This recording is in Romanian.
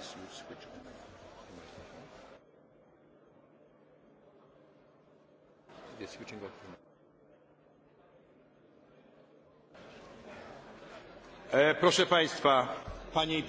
is you switch on the Proszę Państwa, Panie